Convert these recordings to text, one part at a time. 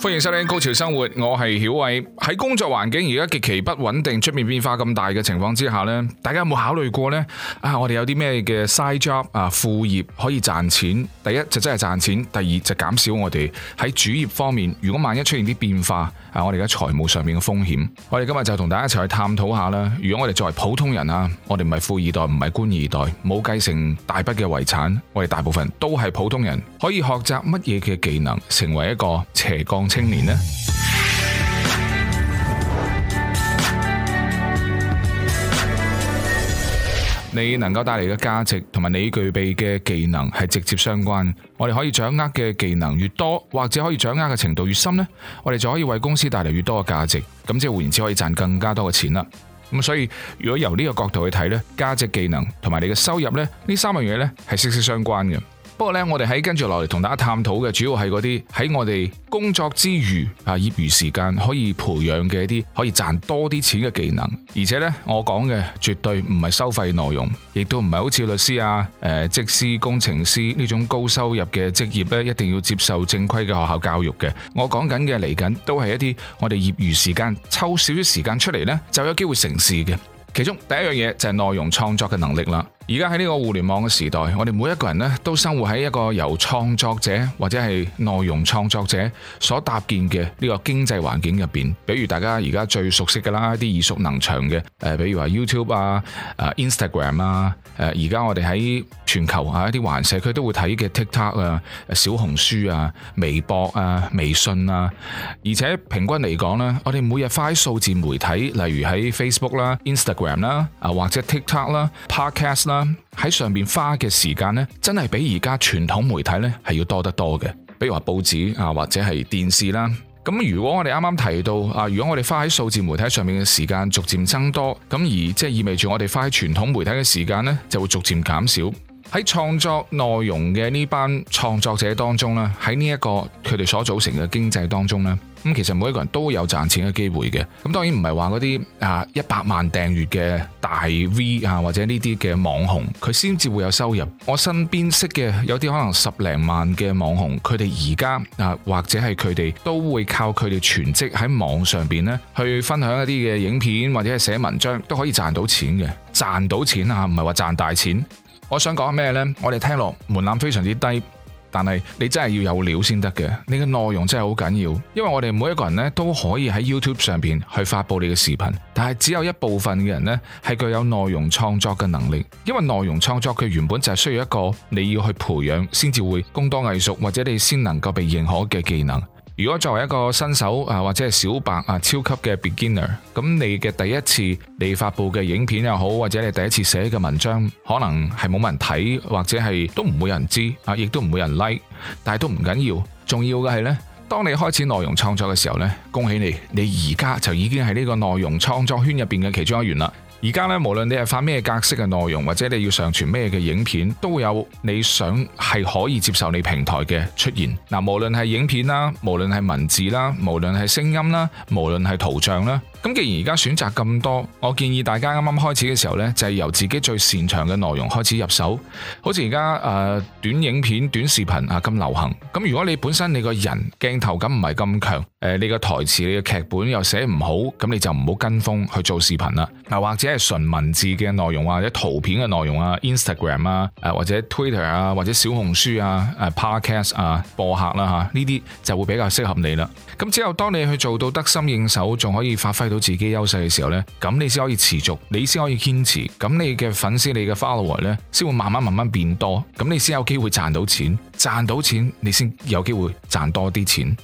歡迎收聽《高潮生活》，我，我係曉偉。喺工作環境而家極其不穩定，出面變化咁大嘅情況之下咧，大家有冇考慮過呢？啊，我哋有啲咩嘅 side job 啊副業可以賺錢？第一就真係賺錢，第二就減少我哋喺主業方面，如果萬一出現啲變化，啊，我哋而家財務上面嘅風險。我哋今日就同大家一齊去探討下啦。如果我哋作為普通人啊，我哋唔係富二代，唔係官二代，冇繼承大筆嘅遺產，我哋大部分都係普通人，可以學習乜嘢嘅技能，成為一個斜槓青年呢，你能夠帶嚟嘅價值同埋你具備嘅技能係直接相關。我哋可以掌握嘅技能越多，或者可以掌握嘅程度越深呢，我哋就可以為公司帶嚟越多嘅價值。咁即係，換言之，可以賺更加多嘅錢啦。咁所以，如果由呢個角度去睇呢，價值、技能同埋你嘅收入呢，呢三樣嘢呢係息息相關嘅。不過咧，我哋喺跟住落嚟同大家探討嘅，主要係嗰啲喺我哋工作之餘啊，業餘時間可以培養嘅一啲可以賺多啲錢嘅技能。而且呢，我講嘅絕對唔係收費內容，亦都唔係好似律師啊、誒、呃、技師、工程師呢種高收入嘅職業呢，一定要接受正規嘅學校教育嘅。我講緊嘅嚟緊都係一啲我哋業餘時間，抽少少時間出嚟呢就有機會成事嘅。其中第一樣嘢就係內容創作嘅能力啦。而家喺呢個互聯網嘅時代，我哋每一個人咧都生活喺一個由創作者或者係內容創作者所搭建嘅呢個經濟環境入邊。比如大家而家最熟悉嘅啦，一啲耳熟能詳嘅，誒、呃、比如話 YouTube 啊、誒、啊、Instagram 啊、誒而家我哋喺全球啊一啲華人社區都會睇嘅 TikTok 啊、小紅書啊、微博啊、微信啊。而且平均嚟講咧，我哋每日發數字媒體，例如喺 Facebook 啦、啊、Instagram 啦、啊、啊或者 TikTok 啦、啊、Podcast 啦、啊。喺上面花嘅時間咧，真係比而家傳統媒體咧係要多得多嘅，比如話報紙啊，或者係電視啦。咁如果我哋啱啱提到啊，如果我哋花喺數字媒體上面嘅時間逐漸增多，咁而即係意味住我哋花喺傳統媒體嘅時間咧就會逐漸減少。喺創作內容嘅呢班創作者當中咧，喺呢一個佢哋所組成嘅經濟當中咧。咁其實每一個人都有賺錢嘅機會嘅，咁當然唔係話嗰啲啊一百萬訂閱嘅大 V 啊，或者呢啲嘅網紅，佢先至會有收入。我身邊識嘅有啲可能十零萬嘅網紅，佢哋而家啊或者係佢哋都會靠佢哋全職喺網上邊呢去分享一啲嘅影片或者係寫文章都可以賺到錢嘅，賺到錢啊，唔係話賺大錢。我想講咩呢？我哋聽落門檻非常之低。但係你真係要有料先得嘅，你嘅內容真係好緊要，因為我哋每一個人咧都可以喺 YouTube 上面去發佈你嘅視頻，但係只有一部分嘅人咧係具有內容創作嘅能力，因為內容創作佢原本就係需要一個你要去培養先至會工多藝熟，或者你先能夠被認可嘅技能。如果作為一個新手啊，或者係小白啊，超級嘅 beginner，咁你嘅第一次你發布嘅影片又好，或者你第一次寫嘅文章，可能係冇人睇，或者係都唔會有人知啊，亦都唔會人 like，但係都唔緊要，要。重要嘅係呢，當你開始內容創作嘅時候呢，恭喜你，你而家就已經係呢個內容創作圈入邊嘅其中一員啦。而家咧，無論你係發咩格式嘅內容，或者你要上傳咩嘅影片，都有你想係可以接受你平台嘅出現。嗱，無論係影片啦，無論係文字啦，無論係聲音啦，無論係圖像啦。咁既然而家選擇咁多，我建議大家啱啱開始嘅時候咧，就係由自己最擅長嘅內容開始入手。好似而家誒，短影片、短視頻啊咁流行。咁如果你本身你個人鏡頭感唔係咁強誒，你個台詞、你嘅劇本又寫唔好，咁你就唔好跟風去做視頻啦。啊，或者係純文字嘅內容或者圖片嘅內容啊，Instagram 啊，誒或者 Twitter 啊，或者小紅書啊，誒 Podcast 啊播客啦，吓，呢啲就會比較適合你啦。咁之後，當你去做到得心應手，仲可以發揮到。自己優勢嘅時候呢，咁你先可以持續，你先可以堅持，咁你嘅粉絲、你嘅 follower 咧，先會慢慢慢慢變多，咁你先有機會賺到錢，賺到錢你先有機會賺多啲錢。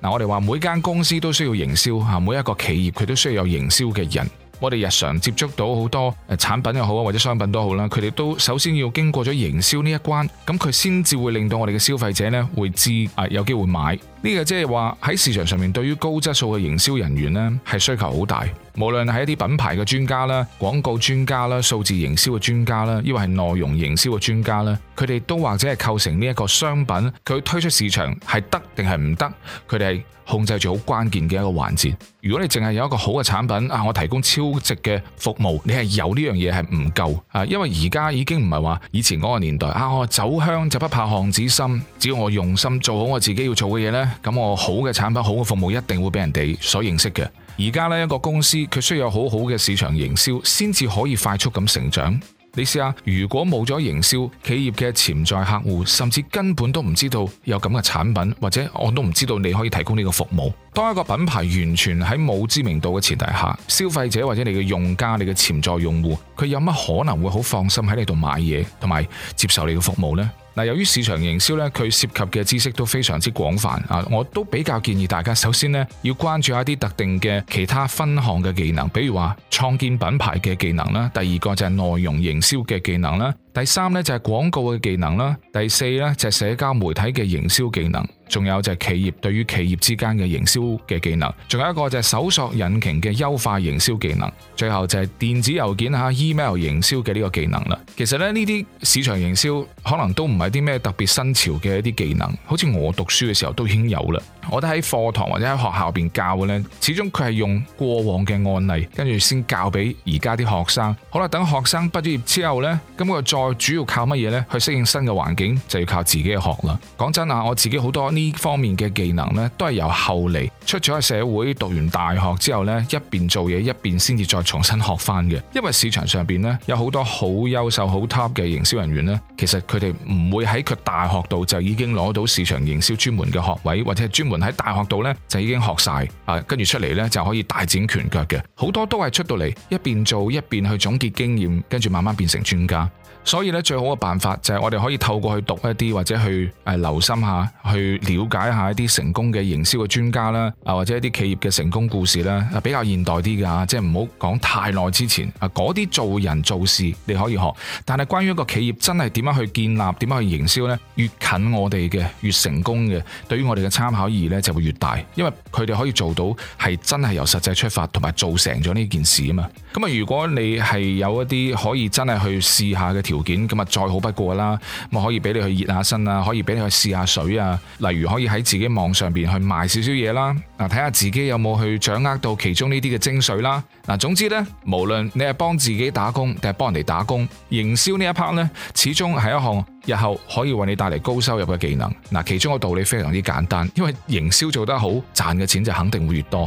嗱、啊，我哋話每間公司都需要營銷吓、啊，每一個企業佢都需要有營銷嘅人。我哋日常接觸到好多誒、啊、產品又好啊，或者商品都好啦，佢哋都首先要經過咗營銷呢一關，咁佢先至會令到我哋嘅消費者呢，會知啊有機會買。呢個即係話喺市場上面，對於高質素嘅營銷人員呢，係需求好大。無論係一啲品牌嘅專家啦、廣告專家啦、數字營銷嘅專家啦，抑或係內容營銷嘅專家啦，佢哋都或者係構成呢一個商品佢推出市場係得定係唔得，佢哋控制住好關鍵嘅一個環節。如果你淨係有一個好嘅產品啊，我提供超值嘅服務，你係有呢樣嘢係唔夠啊，因為而家已經唔係話以前嗰個年代啊，我酒香就不怕巷子深，只要我用心做好我自己要做嘅嘢呢。咁我好嘅產品，好嘅服務，一定會俾人哋所認識嘅。而家呢一個公司，佢需要好好嘅市場營銷，先至可以快速咁成長。你試下，如果冇咗營銷，企業嘅潛在客戶，甚至根本都唔知道有咁嘅產品，或者我都唔知道你可以提供呢個服務。當一個品牌完全喺冇知名度嘅前提下，消費者或者你嘅用家、你嘅潛在用戶，佢有乜可能會好放心喺你度買嘢，同埋接受你嘅服務呢？由於市場營銷咧，佢涉及嘅知識都非常之廣泛啊！我都比較建議大家，首先咧要關注一啲特定嘅其他分項嘅技能，比如話創建品牌嘅技能啦，第二個就係內容營銷嘅技能啦。第三咧就係廣告嘅技能啦，第四咧就係社交媒體嘅營銷技能，仲有就係企業對於企業之間嘅營銷嘅技能，仲有一個就係搜索引擎嘅優化營銷技能，最後就係電子郵件吓 email 營銷嘅呢個技能啦。其實咧呢啲市場營銷可能都唔係啲咩特別新潮嘅一啲技能，好似我讀書嘅時候都已經有啦。我覺得喺課堂或者喺學校入邊教嘅咧，始終佢係用過往嘅案例，跟住先教俾而家啲學生。好啦，等學生畢業之後咧，咁佢再。主要靠乜嘢呢？去適應新嘅環境就要靠自己學啦。講真啊，我自己好多呢方面嘅技能呢，都係由後嚟出咗社會，讀完大學之後呢，一邊做嘢一邊先至再重新學返嘅。因為市場上邊呢，有好多好優秀、好 top 嘅營銷人員呢，其實佢哋唔會喺佢大學度就已經攞到市場營銷專門嘅學位，或者係專門喺大學度呢就已經學晒啊，跟住出嚟呢，就可以大展拳腳嘅。好多都係出到嚟一邊做一邊去總結經驗，跟住慢慢變成專家。所以咧，最好嘅辦法就係我哋可以透過去讀一啲或者去誒留心下去了解下一啲成功嘅營銷嘅專家啦，啊或者一啲企業嘅成功故事啦，比較現代啲噶，即係唔好講太耐之前啊，嗰啲做人做事你可以學，但係關於一個企業真係點樣去建立、點樣去營銷呢？越近我哋嘅越成功嘅，對於我哋嘅參考意義呢就會越大，因為佢哋可以做到係真係由實際出發同埋做成咗呢件事啊嘛。咁啊，如果你係有一啲可以真係去試下嘅。條件咁啊，再好不過啦。咁啊，可以俾你去熱下身啊，可以俾你去試下水啊。例如可以喺自己網上邊去賣少少嘢啦。嗱，睇下自己有冇去掌握到其中呢啲嘅精髓啦。嗱，總之呢，無論你係幫自己打工定係幫人哋打工，營銷呢一 part 呢，始終係一項日後可以為你帶嚟高收入嘅技能。嗱，其中個道理非常之簡單，因為營銷做得好，賺嘅錢就肯定會越多。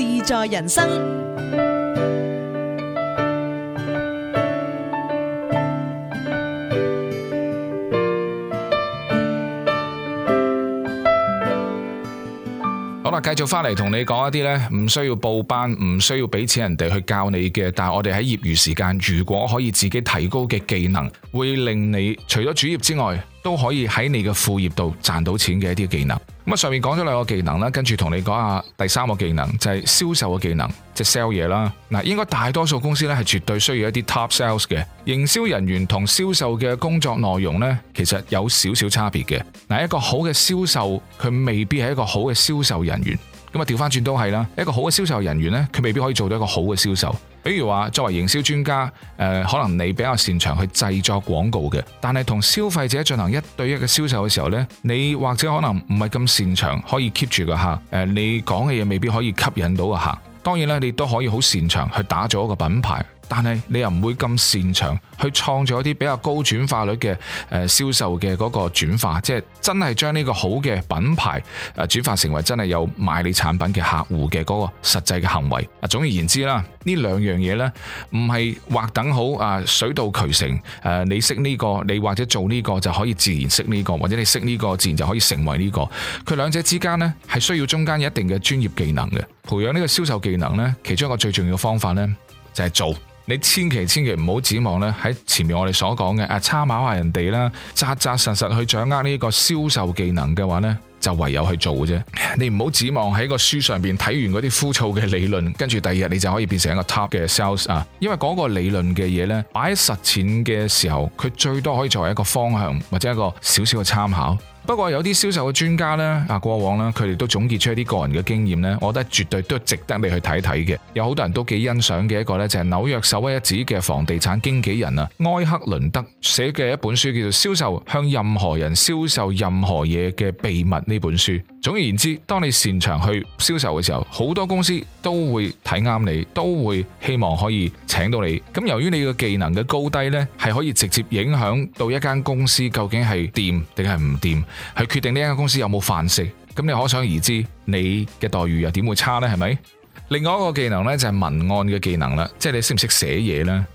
自在人生，好啦，繼續翻嚟，同你講一啲呢，唔需要報班，唔需要俾錢人哋去教你嘅，但係我哋喺業餘時間，如果可以自己提高嘅技能，會令你除咗主業之外，都可以喺你嘅副業度賺到錢嘅一啲技能。咁上面講咗兩個技能啦，跟住同你講下第三個技能，就係銷售嘅技能，即係 sell 嘢啦。嗱，應該大多數公司咧係絕對需要一啲 top sales 嘅。營銷人員同銷售嘅工作內容咧，其實有少少差別嘅。嗱，一個好嘅銷售，佢未必係一個好嘅銷售人員。咁啊，調翻轉都係啦，一個好嘅銷售人員呢，佢未必可以做到一個好嘅銷售。比如話，作為營銷專家，誒、呃、可能你比較擅長去製作廣告嘅，但係同消費者進行一對一嘅銷售嘅時候呢，你或者可能唔係咁擅長可以 keep 住個客，誒、呃、你講嘅嘢未必可以吸引到個客。當然啦，你都可以好擅長去打造一個品牌。但係你又唔會咁擅長去創造一啲比較高轉化率嘅誒銷售嘅嗰個轉化，即係真係將呢個好嘅品牌誒轉化成為真係有買你產品嘅客戶嘅嗰個實際嘅行為。啊，總而言之啦，呢兩樣嘢呢唔係劃等號啊，水到渠成誒，你識呢個，你或者做呢個就可以自然識呢個，或者你識呢個自然就可以成為呢個。佢兩者之間呢，係需要中間一定嘅專業技能嘅培養。呢個銷售技能呢，其中一個最重要嘅方法呢，就係做。你千祈千祈唔好指望咧，喺前面我哋所講嘅啊，參考下人哋啦，扎扎實實去掌握呢個銷售技能嘅話呢，就唯有去做嘅啫。你唔好指望喺個書上邊睇完嗰啲枯燥嘅理論，跟住第二日你就可以變成一個 top 嘅 sales 啊！因為嗰個理論嘅嘢呢，擺喺實踐嘅時候，佢最多可以作為一個方向或者一個少少嘅參考。不過有啲銷售嘅專家呢，啊過往呢，佢哋都總結出一啲個人嘅經驗呢，我覺得絕對都值得你去睇睇嘅。有好多人都幾欣賞嘅一個呢，就係紐約首屈一指嘅房地產經紀人啊，埃克倫德寫嘅一本書叫做《銷售向任何人銷售任何嘢嘅秘密》呢本書。總而言之，當你擅長去銷售嘅時候，好多公司都會睇啱你，都會希望可以請到你。咁由於你嘅技能嘅高低呢，係可以直接影響到一間公司究竟係掂定係唔掂。去決定呢間公司有冇飯食，咁你可想而知，你嘅待遇又點會差呢？係咪？另外一個技能呢，就係文案嘅技能啦，即係你識唔識寫嘢呢？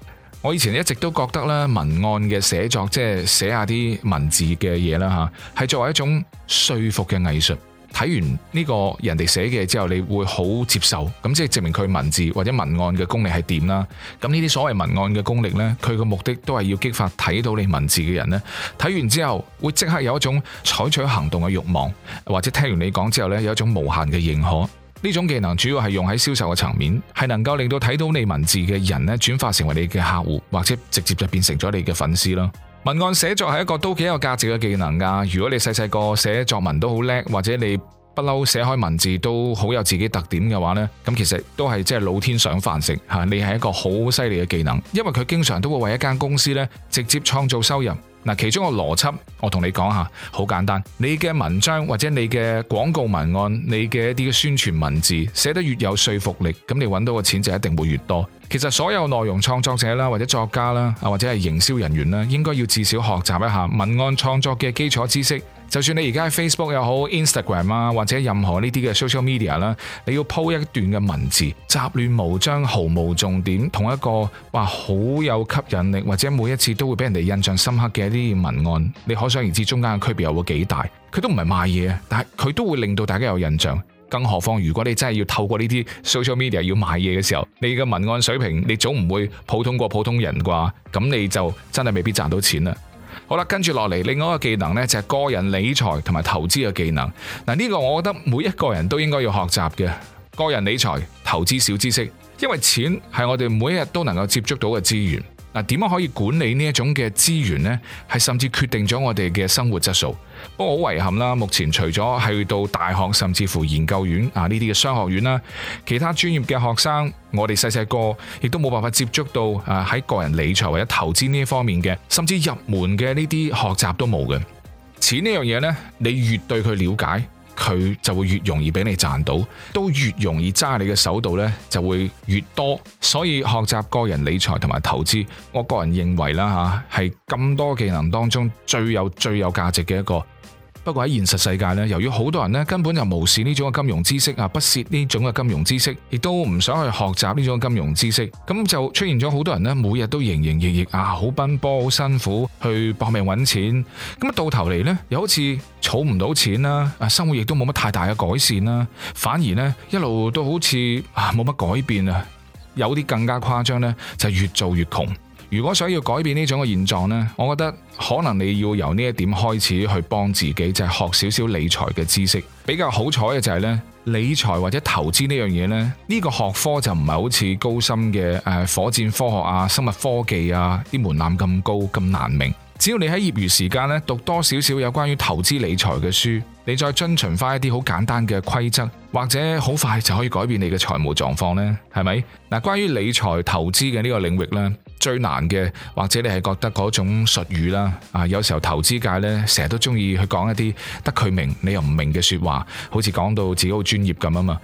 我以前一直都覺得咧，文案嘅寫作即係寫下啲文字嘅嘢啦，吓係作為一種說服嘅藝術。睇完呢個人哋寫嘅之後，你會好接受，咁即係證明佢文字或者文案嘅功力係點啦。咁呢啲所謂文案嘅功力呢，佢個目的都係要激發睇到你文字嘅人呢，睇完之後會即刻有一種採取行動嘅慾望，或者聽完你講之後呢，有一種無限嘅認可。呢種技能主要係用喺銷售嘅層面，係能夠令到睇到你文字嘅人呢轉化成為你嘅客戶，或者直接就變成咗你嘅粉絲囉。文案寫作係一個都幾有價值嘅技能噶。如果你細細個寫作文都好叻，或者你，不嬲寫開文字都好有自己特點嘅話呢，咁其實都係即係老天賞飯食吓，你係一個好犀利嘅技能，因為佢經常都會為一間公司呢直接創造收入。嗱，其中個邏輯我同你講下，好簡單，你嘅文章或者你嘅廣告文案、你嘅一啲嘅宣傳文字寫得越有說服力，咁你揾到嘅錢就一定會越多。其實所有內容創作者啦，或者作家啦，或者係營銷人員啦，應該要至少學習一下文案創作嘅基礎知識。就算你而家喺 Facebook 又好、Instagram 啊，或者任何呢啲嘅 social media 啦，你要鋪一段嘅文字，雜亂無章、毫無重點，同一個話好有吸引力或者每一次都會俾人哋印象深刻嘅一啲文案，你可想而知中間嘅區別又會幾大？佢都唔係賣嘢，但係佢都會令到大家有印象。更何況如果你真係要透過呢啲 social media 要賣嘢嘅時候，你嘅文案水平你總唔會普通過普通人啩？咁你就真係未必賺到錢啦。好啦，跟住落嚟，另外一個技能呢，就係個人理財同埋投資嘅技能。嗱，呢個我覺得每一個人都應該要學習嘅個人理財投資小知識，因為錢係我哋每一日都能夠接觸到嘅資源。嗱，點樣可以管理呢一種嘅資源呢？係甚至決定咗我哋嘅生活質素。不過好遺憾啦，目前除咗去到大學，甚至乎研究院啊呢啲嘅商學院啦，其他專業嘅學生，我哋細細個亦都冇辦法接觸到啊喺個人理財或者投資呢方面嘅，甚至入門嘅呢啲學習都冇嘅。錢呢樣嘢呢，你越對佢了解，佢就會越容易俾你賺到，都越容易揸你嘅手度呢，就會越多。所以學習個人理財同埋投資，我個人認為啦嚇，係咁多技能當中最有最有價值嘅一個。不過喺現實世界咧，由於好多人咧根本就無視呢種嘅金融知識啊，不屑呢種嘅金融知識，亦都唔想去學習呢種嘅金融知識，咁就出現咗好多人咧，每日都營營役役啊，好奔波，好辛苦去搏命揾錢，咁啊到頭嚟咧，又好似儲唔到錢啦，啊生活亦都冇乜太大嘅改善啦，反而咧一路都好似啊冇乜改變啊，有啲更加誇張咧，就越做越窮。如果想要改變呢種嘅現狀呢，我覺得可能你要由呢一點開始去幫自己，就係、是、學少少理財嘅知識。比較好彩嘅就係、是、呢理財或者投資呢樣嘢咧，呢、這個學科就唔係好似高深嘅誒火箭科學啊、生物科技啊啲門檻咁高咁難明。只要你喺業餘時間咧讀多少少有關於投資理財嘅書，你再遵循翻一啲好簡單嘅規則，或者好快就可以改變你嘅財務狀況呢，係咪嗱？關於理財投資嘅呢個領域呢。最難嘅，或者你係覺得嗰種術語啦，啊有時候投資界呢，成日都中意去講一啲得佢明你又唔明嘅説話，好似講到自己好專業咁啊嘛。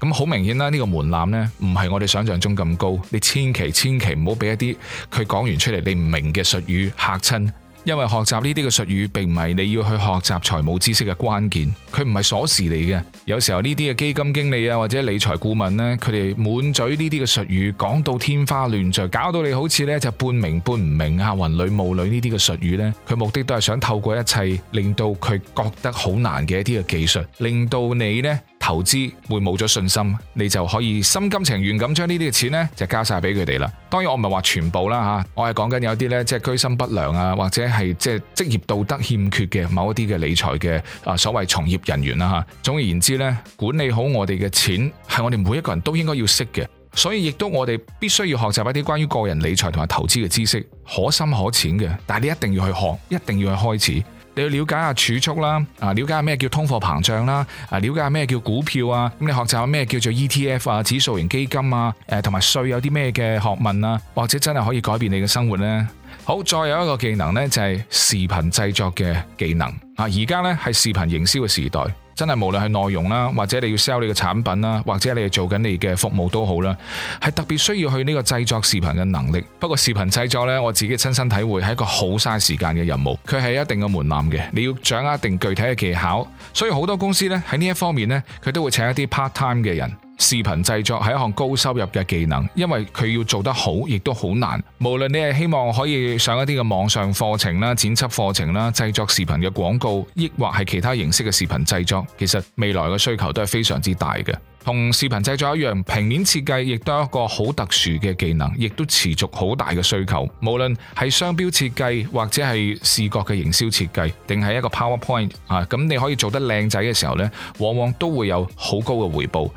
咁、嗯、好明顯啦，呢、呢個門檻呢，唔係我哋想象中咁高，你千祈千祈唔好俾一啲佢講完出嚟你唔明嘅術語嚇親。因為學習呢啲嘅術語，並唔係你要去學習財務知識嘅關鍵，佢唔係鎖匙嚟嘅。有時候呢啲嘅基金經理啊，或者理財顧問呢，佢哋滿嘴呢啲嘅術語，講到天花亂墜，搞到你好似呢就半，半明半唔明啊，雲裏霧裏呢啲嘅術語呢，佢目的都係想透過一切，令到佢覺得好難嘅一啲嘅技術，令到你呢。投資會冇咗信心，你就可以心甘情願咁將呢啲嘅錢呢就交晒俾佢哋啦。當然我唔係話全部啦嚇，我係講緊有啲呢，即係居心不良啊，或者係即係職業道德欠缺嘅某一啲嘅理財嘅啊所謂從業人員啦嚇。總而言之呢，管理好我哋嘅錢係我哋每一個人都應該要識嘅，所以亦都我哋必須要學習一啲關於個人理財同埋投資嘅知識，可深可淺嘅，但係你一定要去學，一定要去開始。你要了解下儲蓄啦，啊，了解下咩叫通貨膨脹啦，啊，了解下咩叫股票啊，咁你學習下咩叫做 ETF 啊，指數型基金啊，誒，同埋稅有啲咩嘅學問啊，或者真係可以改變你嘅生活呢。好，再有一個技能呢，就係視頻製作嘅技能。啊，而家呢，係視頻營銷嘅時代。真係無論係內容啦，或者你要 sell 你嘅產品啦，或者你係做緊你嘅服務都好啦，係特別需要去呢個製作視頻嘅能力。不過視頻製作呢，我自己親身體會係一個好嘥時間嘅任務，佢係一定嘅門檻嘅，你要掌握一定具體嘅技巧。所以好多公司呢，喺呢一方面呢，佢都會請一啲 part time 嘅人。視頻製作係一項高收入嘅技能，因為佢要做得好，亦都好難。無論你係希望可以上一啲嘅網上課程啦、剪輯課程啦、製作視頻嘅廣告，抑或係其他形式嘅視頻製作，其實未來嘅需求都係非常之大嘅。同視頻製作一樣，平面設計亦都係一個好特殊嘅技能，亦都持續好大嘅需求。無論係商標設計或者係視覺嘅營銷設計，定係一個 PowerPoint 啊，咁你可以做得靚仔嘅時候呢，往往都會有好高嘅回報。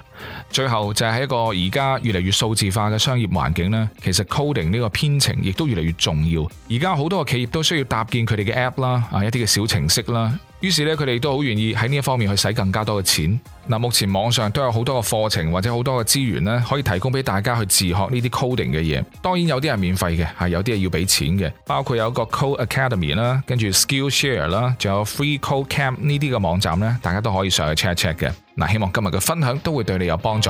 最後就係一個而家越嚟越數字化嘅商業環境咧，其實 coding 呢個編程亦都越嚟越重要。而家好多嘅企業都需要搭建佢哋嘅 app 啦，啊一啲嘅小程式啦。於是咧，佢哋都好願意喺呢一方面去使更加多嘅錢。嗱，目前網上都有好多嘅課程或者好多嘅資源咧，可以提供俾大家去自學呢啲 coding 嘅嘢。當然有啲係免費嘅，係有啲係要俾錢嘅。包括有個 Code Academy 啦，跟住 Skillshare 啦，仲有 Free Code Camp 呢啲嘅網站咧，大家都可以上去 check 一 check 嘅。嗱，希望今日嘅分享都會對你有幫助。